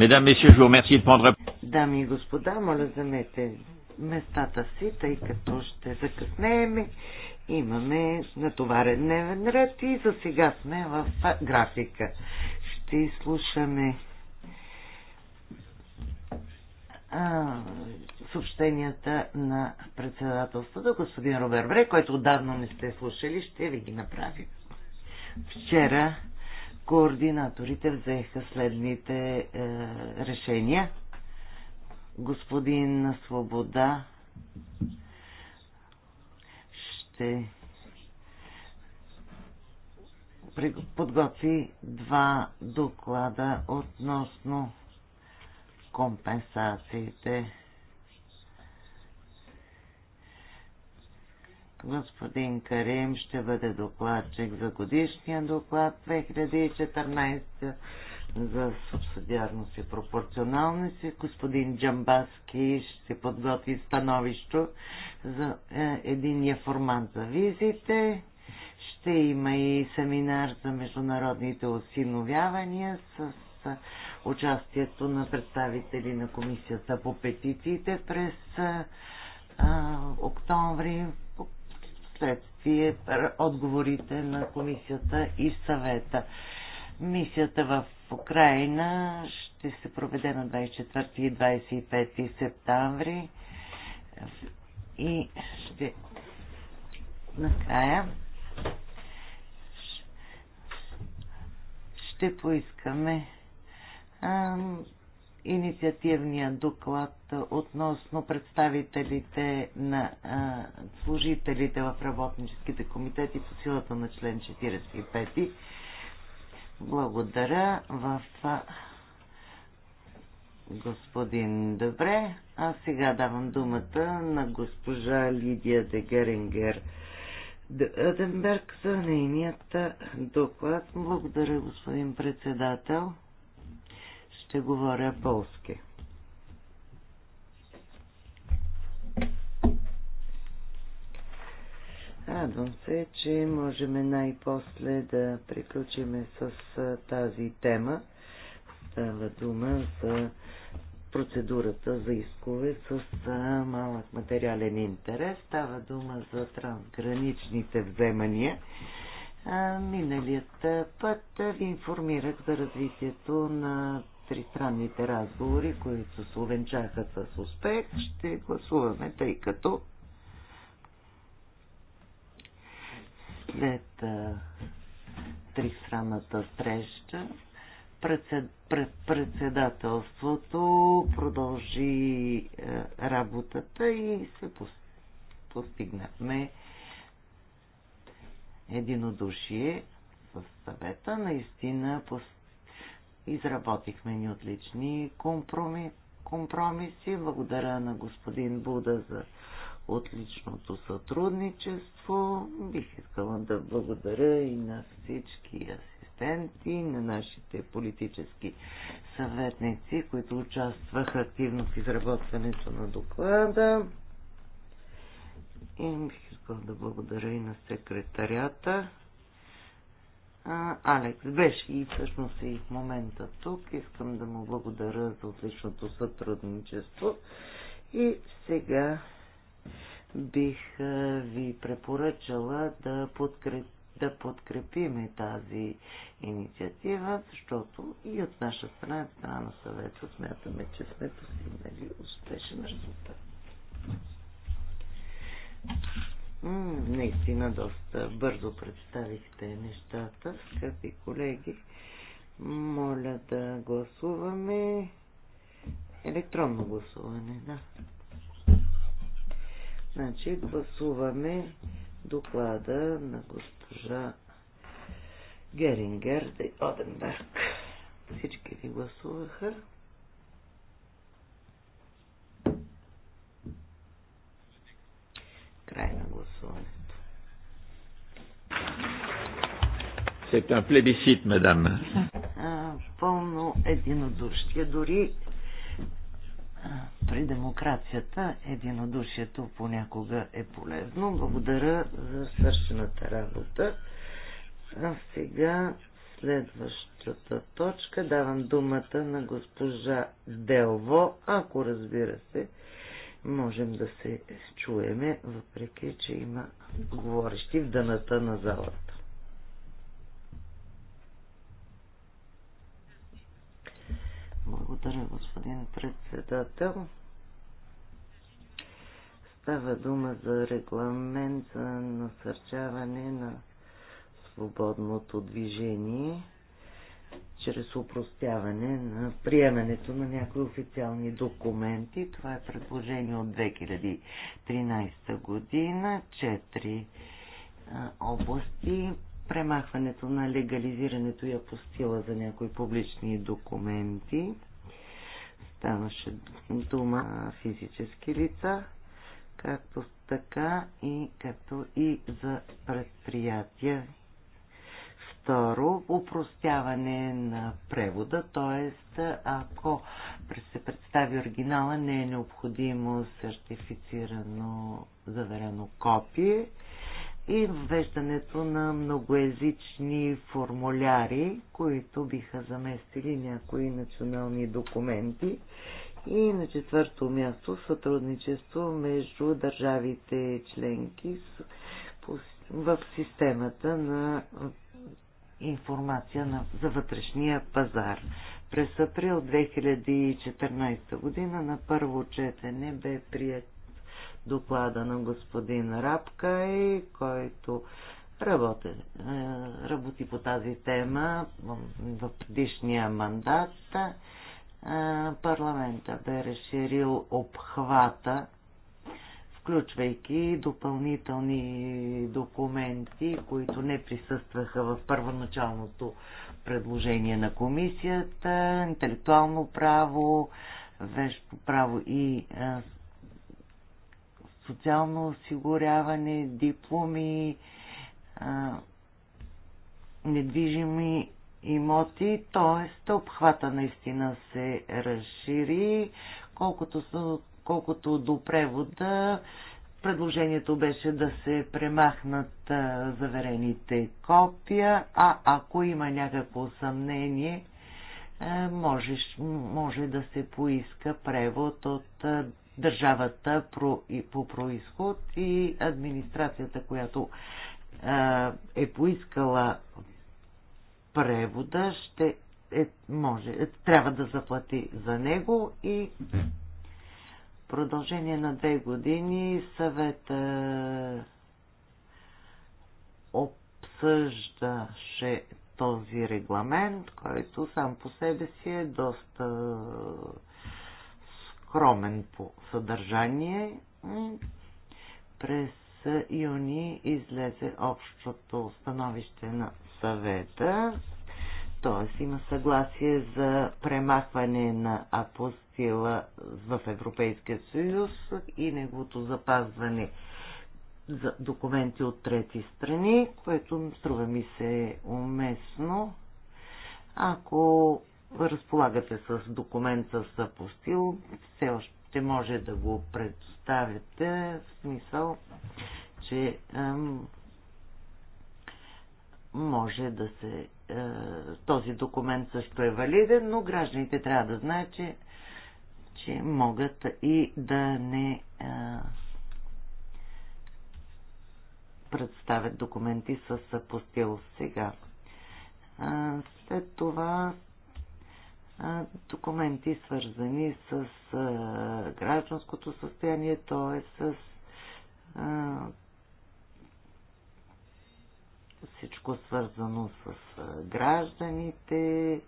Mesdames, Messieurs, je vous remercie de prendre... Дами и господа, моля замете местата си, тъй като ще закъснеем. Имаме натоварен дневен ред и за сега сме в графика. Ще изслушаме а, съобщенията на председателството, господин Робер Бре, който отдавна не сте слушали, ще ви ги направим. Вчера координаторите взеха следните е, решения. Господин Свобода ще подготви два доклада относно компенсациите Господин Карим ще бъде докладчик за годишния доклад 2014 за субсидиарност и пропорционалност. Господин Джамбаски ще подготви становище за е, единия формат за визите. Ще има и семинар за международните осиновявания с е, участието на представители на Комисията по петициите през а, е, е, октомври последствие отговорите на комисията и съвета. Мисията в Украина ще се проведе на 24 и 25 септември и ще накрая ще поискаме инициативния доклад относно представителите на а, служителите в работническите комитети по силата на член 45. Благодаря в а, господин Добре. А сега давам думата на госпожа Лидия Дегерингер Дъденберг за нейният доклад. Благодаря, господин председател ще говоря полски. Радвам се, че можем най-после да приключиме с тази тема. Става дума за процедурата за искове с малък материален интерес. Става дума за трансграничните вземания. Миналият път ви информирах за развитието на тристранните разговори, които се увенчаха с успех, ще гласуваме, тъй като след тристранната среща председателството продължи работата и се постигнахме единодушие в съвета. Наистина постигнахме Изработихме ни отлични компроми, компромиси. Благодаря на господин Буда за отличното сътрудничество. Бих искала да благодаря и на всички асистенти, на нашите политически съветници, които участваха активно в изработването на доклада. И бих искала да благодаря и на секретарята а, Алекс беше и всъщност е и в момента тук. Искам да му благодаря за отличното сътрудничество. И сега бих ви препоръчала да, подкреп, да подкрепиме тази инициатива, защото и от наша страна, от страна на съвета, смятаме, че сме постигнали успех. наистина доста бързо представихте нещата, скъпи колеги. Моля да гласуваме електронно гласуване, да. Значи гласуваме доклада на госпожа Герингер де Оденберг. Всички ви гласуваха. Край на C'est un plébiscite, madame. Пълно единодушие. Дори при демокрацията единодушието понякога е полезно. Благодаря за свършената работа. А сега следващата точка давам думата на госпожа Делво, ако разбира се, можем да се чуеме, въпреки, че има говорещи в дъната на залата. Благодаря, господин председател. Става дума за регламент за насърчаване на свободното движение чрез упростяване на приемането на някои официални документи. Това е предложение от 2013 година. Четири области премахването на легализирането и апостила за някои публични документи. Ставаше дума физически лица, както така и като и за предприятия. Второ, упростяване на превода, т.е. ако се представи оригинала, не е необходимо сертифицирано заверено копие и въвеждането на многоязични формуляри, които биха заместили някои национални документи. И на четвърто място сътрудничество между държавите членки в системата на информация на, за вътрешния пазар. През април 2014 година на първо четене бе прият доклада на господин Рапкай, който работи, е, работи по тази тема в предишния мандат. Е, парламента бе разширил обхвата, включвайки допълнителни документи, които не присъстваха в първоначалното предложение на комисията, интелектуално право, вещо право и е, социално осигуряване, дипломи, недвижими имоти, т.е. обхвата наистина се разшири, колкото, са, колкото до превода предложението беше да се премахнат а, заверените копия, а ако има някакво съмнение, а, може, може да се поиска превод от а, държавата по происход и администрацията, която е поискала превода, ще е, може, е, трябва да заплати за него и в продължение на две години съвет обсъждаше този регламент, който сам по себе си е доста скромен по съдържание. През юни излезе общото становище на съвета, т.е. има съгласие за премахване на апостила в Европейския съюз и неговото запазване за документи от трети страни, което струва ми се уместно. Ако разполагате с документ с постил все още може да го предоставите, в смисъл, че ем, може да се... Е, този документ също е валиден, но гражданите трябва да знаят, че, че могат и да не е, представят документи с съпостил е, сега. След това документи, свързани с гражданското състояние, т.е. с всичко свързано с гражданите,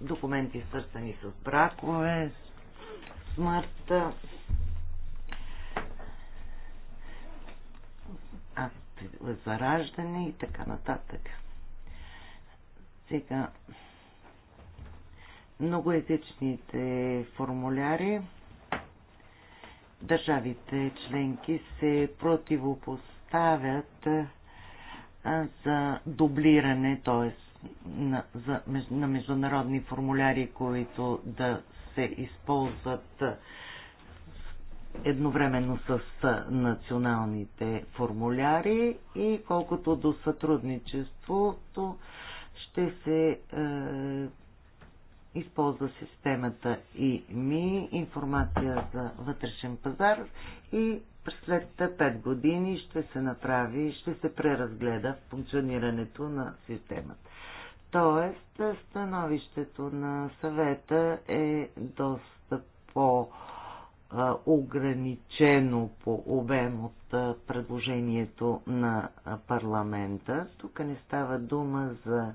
документи свързани с бракове, смъртта. раждане и така нататък. Сега, многоязичните формуляри държавите членки се противопоставят за дублиране, т.е. На, на международни формуляри, които да се използват едновременно с националните формуляри и колкото до сътрудничеството ще се е, използва системата и ми, информация за вътрешен пазар и след 5 години ще се направи, ще се преразгледа функционирането на системата. Тоест, становището на съвета е доста по- ограничено по обем от предложението на парламента. Тук не става дума за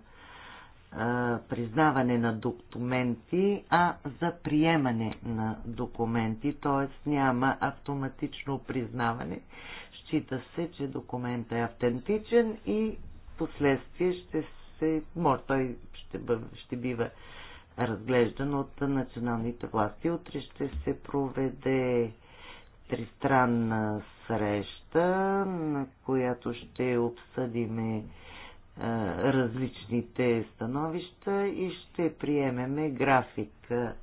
признаване на документи, а за приемане на документи, т.е. няма автоматично признаване. Счита се, че документът е автентичен и последствие ще се, може, той ще, бъв, ще бива разглеждан от националните власти. Утре ще се проведе тристранна среща, на която ще обсъдиме е, различните становища и ще приемеме график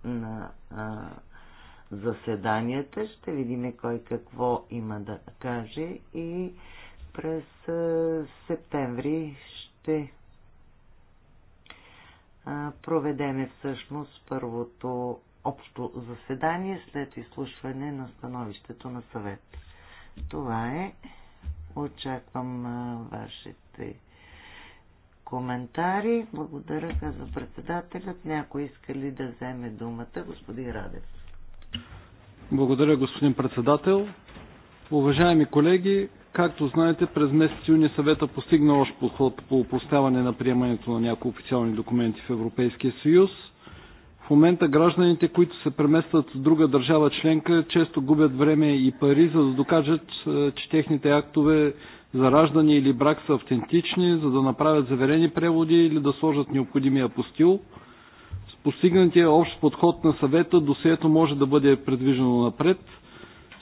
на е, заседанията. Ще видим кой какво има да каже и през е, септември ще проведеме всъщност първото общо заседание след изслушване на становището на съвет. Това е. Очаквам вашите коментари. Благодаря, казва председателят. Някой иска ли да вземе думата? Господин Радев. Благодаря, господин председател. Уважаеми колеги, Както знаете, през месец юни съвета постигна още подход по упростяване на приемането на някои официални документи в Европейския съюз. В момента гражданите, които се преместват в друга държава членка, често губят време и пари, за да докажат, е, че техните актове за раждане или брак са автентични, за да направят заверени преводи или да сложат необходимия апостил. С постигнатия общ подход на съвета досието може да бъде предвижено напред –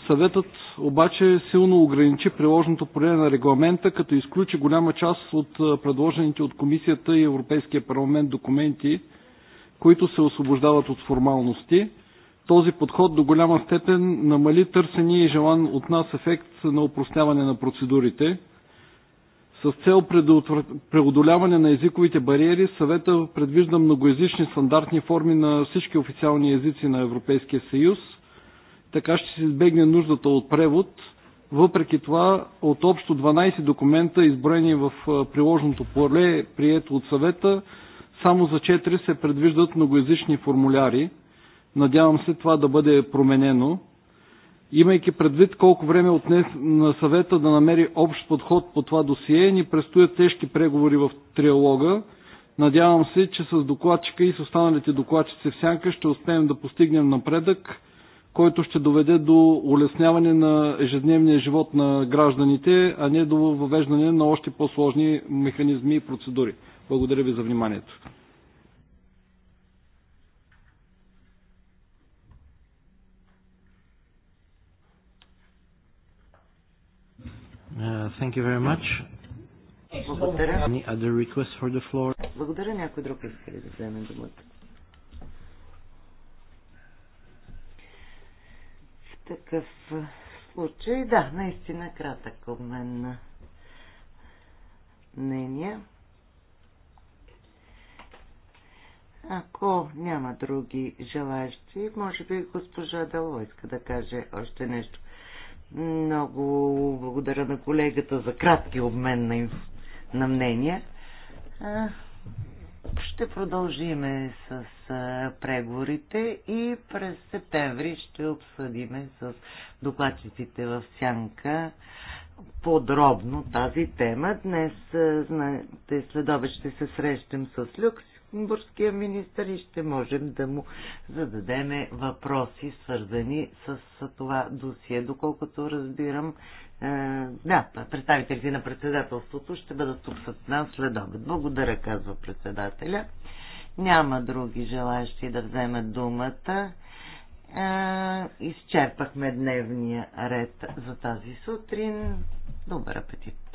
Съветът обаче силно ограничи приложното поле на регламента, като изключи голяма част от предложените от Комисията и Европейския парламент документи, които се освобождават от формалности. Този подход до голяма степен намали търсения и желан от нас ефект на упростяване на процедурите. С цел преодоляване на езиковите бариери, съвета предвижда многоязични стандартни форми на всички официални езици на Европейския съюз – така ще се избегне нуждата от превод. Въпреки това, от общо 12 документа, изброени в приложното поле, прието от съвета, само за 4 се предвиждат многоязични формуляри. Надявам се това да бъде променено. Имайки предвид колко време е отнес на съвета да намери общ подход по това досие, ни предстоят тежки преговори в триалога. Надявам се, че с докладчика и с останалите докладчици в сянка ще успеем да постигнем напредък който ще доведе до улесняване на ежедневния живот на гражданите, а не до въвеждане на още по-сложни механизми и процедури. Благодаря ви за вниманието. Uh, thank you very much. Благодаря. Any other request for the floor? Благодаря. Някой друг иска да вземе думата? такъв случай, да, наистина кратък обмен на мнения. Ако няма други желащи, може би госпожа Дало иска да каже още нещо. Много благодаря на колегата за кратки обмен на, на мнения ще продължиме с преговорите и през септември ще обсъдиме с докладчиците в Сянка подробно тази тема. Днес, знаете, следобед ще се срещам с Люкс люксембургския министр и ще можем да му зададеме въпроси, свързани с това досие. Доколкото разбирам, е, да, представителите на председателството ще бъдат тук с нас след обед. Благодаря, казва председателя. Няма други желащи да вземат думата. Е, изчерпахме дневния ред за тази сутрин. Добър апетит!